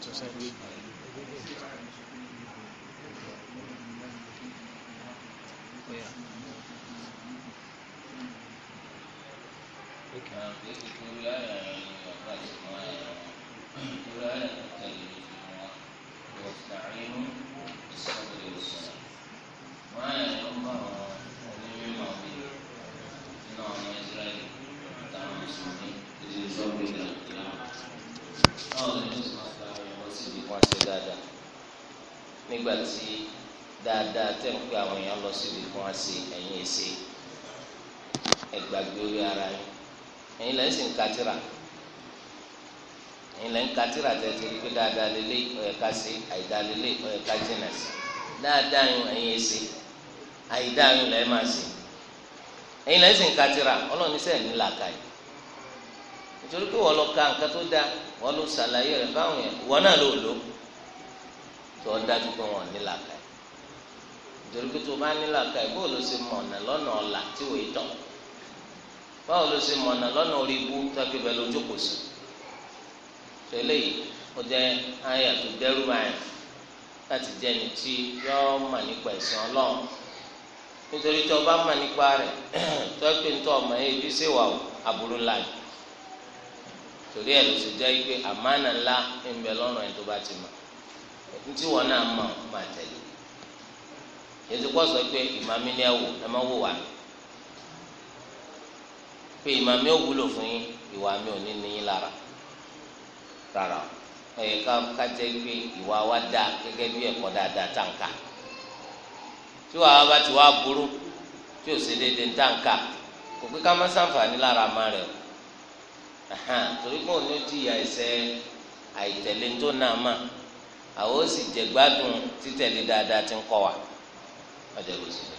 hecho sexo. Yeah. Okay. nígbà tí dáadáa tẹ̀ ń pé àwọn èèyàn lọ síbi kan á ṣe ẹ̀yìn ẹ̀ṣẹ̀ ẹ̀gbàgbé orí ara yín ẹ̀yin lẹ́yìn sì ń katira ẹ̀yin lẹ́yìn katira tẹ̀ ti rí pé dáadáa lélẹ̀ ọ̀yẹ̀ká sí àìdáa lélẹ̀ ọ̀yẹ̀ká jìnà sí dáadáa yín ẹ̀yin ẹ̀ṣẹ̀ àìdáa yín lẹ́yìn máa se ẹ̀yin lẹ́yìn sì ń katira ọlọ́ọ̀ni sẹ́yìn ní làkàyè nítorí pé wọ́n lọ ka nǹkan tó dáa wọ́n lọ ṣàlàyé rẹ̀ fáwọn yẹn wọ́n tó ọ dájú pé wọn ò ní làkà yìí nítorí pé tó o bá ní làkà yìí báwo ló ṣe mọ ọ̀nà lọ́nà ọ̀la tí wòye tọ̀ báwo ló ṣe mọ ọ̀nà lọ́nà orí ibú tọ́kì bẹ́ẹ̀ lójú kò sí tẹ́lẹ̀ yìí ó jẹ́ àyà tó dẹ́rù báyìí láti jẹ́ ẹni tí yọ́ mà nípa ẹ̀sìn ọlọ́run nítorí tí o bá mà nípa rẹ̀ tọ́kì ń tọ́ ọmọ yẹn ibi ṣèwà àbúrò láàyè torí ẹ̀ ló ṣe jẹ́ pé àmánà ńlá ń bẹ lọ́rùn ẹni tó bá ti mọ̀ ntí wọn náà mọ máa tẹ̀lé yẹtù kọ́ sọ pé ìmàmí ni ẹ wò ẹ má wò wá pé fún yín ìwà mi ò ní níyìn lára rárá ẹ ká ká pé ìwà wa dá gẹ́gẹ́ bí ẹkọ dáadáa tàǹkà tí wàá bá ti wá burú tí ò sí kò pé ká má sàǹfààní lára má rẹ o torí pé òun ló jìyà ẹ̀ṣẹ̀ àìtẹ̀lé tó náà mà. àwọn ó sì jẹ gbádùn títẹ̀lé dáadáa tí ń kọ́ wa ọjọ́ ìwé sí i.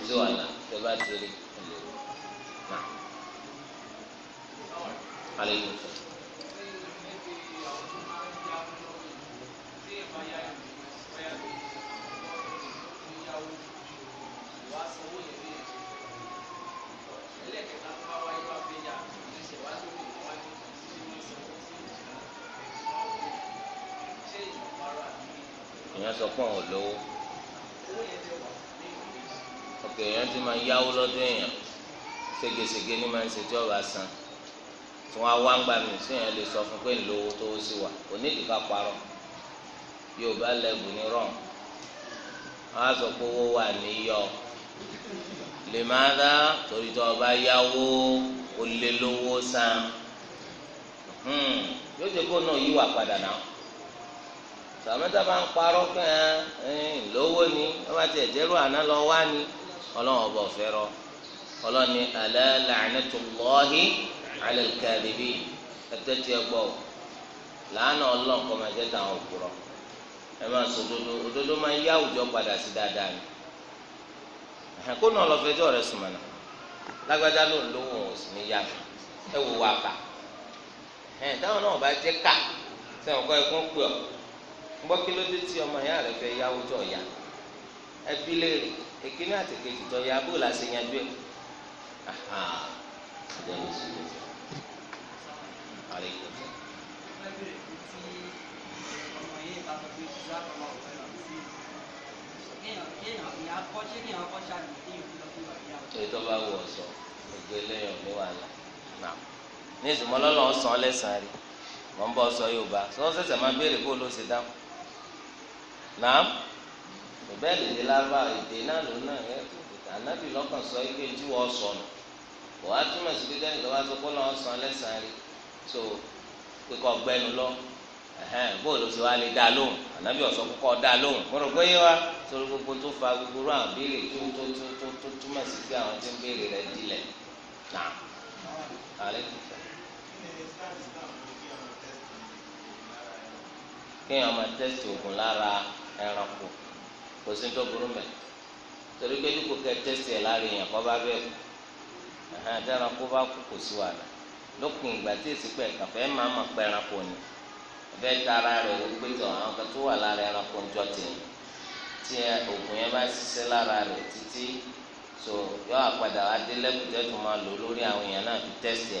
Ìjọ àná tó bá èèyàn sọ pé òun lówó ọ̀pọ̀ èèyàn ti máa yáwó lọ́dún èèyàn ségesège ní máa ń ṣe tí ọba san tí wọ́n á wá ń gbà mí sí èèyàn lè sọ fún pé ńlówó tó sì wà onídìí ká parọ́ yorùbá lẹ́bù ní rọ́ọ̀n wọ́n á sọ pé owó wà níyọ lè má dá torí tí ọba yáwó ó lówó san hmm, yóò ṣe kó náà yíwà padà náà sàmẹ́tà bá ń parọ́ pé lówó ni wọ́n bá tiẹ̀ jẹ́rú àná lọ wá ni ọlọ́run ọba ọ̀fẹ́ rọ ọlọ́run ni ala la'natullahi ala al-kadhibin ẹ̀tẹ́ tiẹ̀ gbọ́ ọ làánà ọlọ́run kọ́ máa jẹ́ táwọn òkúrọ̀ ẹ máa sọ òdodo òdodo máa ń yá àwùjọ padà sí dáadáa ni kó náà lọ fẹjọ́ rẹ̀ sùn lágbájá ló ń lówó òun sì ní yá ẹ wò wá kà ẹ táwọn náà bá jẹ́ kà sẹ́wọ̀n kọ́ ẹ kún pé ọ gbọ́ kí ló dé tí ọmọ ya rẹ fẹ́ yáwó tó ọ̀yà ẹbí léèrè èkíní ya bó la ṣe yanjú ẹ̀ ọjọ́ bá wù ọ sọ gbogbo eléyàn ní wàhálà náà ní ìsúmọ́lọ́lọ́ sàn rí sọ máa béèrè bó ló ṣe dáhùn. naam, bẹ́ẹ̀ lèdè lábá èdè náà ló náà yẹ ànábì lọ́kàn sọ pé tí wọ́n sọ nù wọ́n á túmọ̀ sí pé nìkan wá sọ pé lọ́wọ́ san lẹ́sàn-án rí lọ bóòlù sì wá lè dá lóhùn ànábì ọ̀sọ́ kọ́ dá lóhùn mo rò pé yé wa torí gbogbo tó fa gbogbo tó tó tó túmọ̀ kéèyàn máa tẹ́sítì oògùn lára ẹranko kò sí tó burú mẹ́ torí pé dípò kẹ́ tẹ́sítì ẹ̀ lára èèyàn kọ́ bá bẹ́ẹ̀ kú ẹranko bá kú kò sí wàhálà lópin ìgbà tí èsì pẹ̀ kàfẹ́ máa mọ̀ ẹranko ni ẹ̀fẹ́ ta ara rẹ̀ wò pé tọ̀ àwọn kan tó wà lára ẹranko so yọ àpàdà adélẹ́kùtẹ́ tó máa lò lórí àwọn èèyàn náà fi tẹ́sítì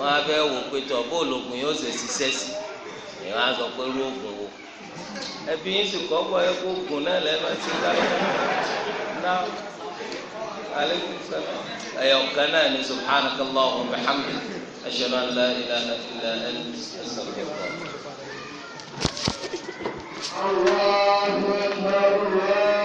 wọn á fẹ́ wò pé tọ̀ bó lògùn yóò ṣe ṣiṣẹ́ sí èèyàn á sọ pé irú oògùn wo ẹbí yín sì kọ́ ẹ kó oògùn náà lẹ́nu ti dáná náà aleykum salaam ẹ̀yọ̀ kan náà ní subhanakallahu wa bihamdihi ashhadu an la ilaha illa anta astaghfiruka. الله أكبر الله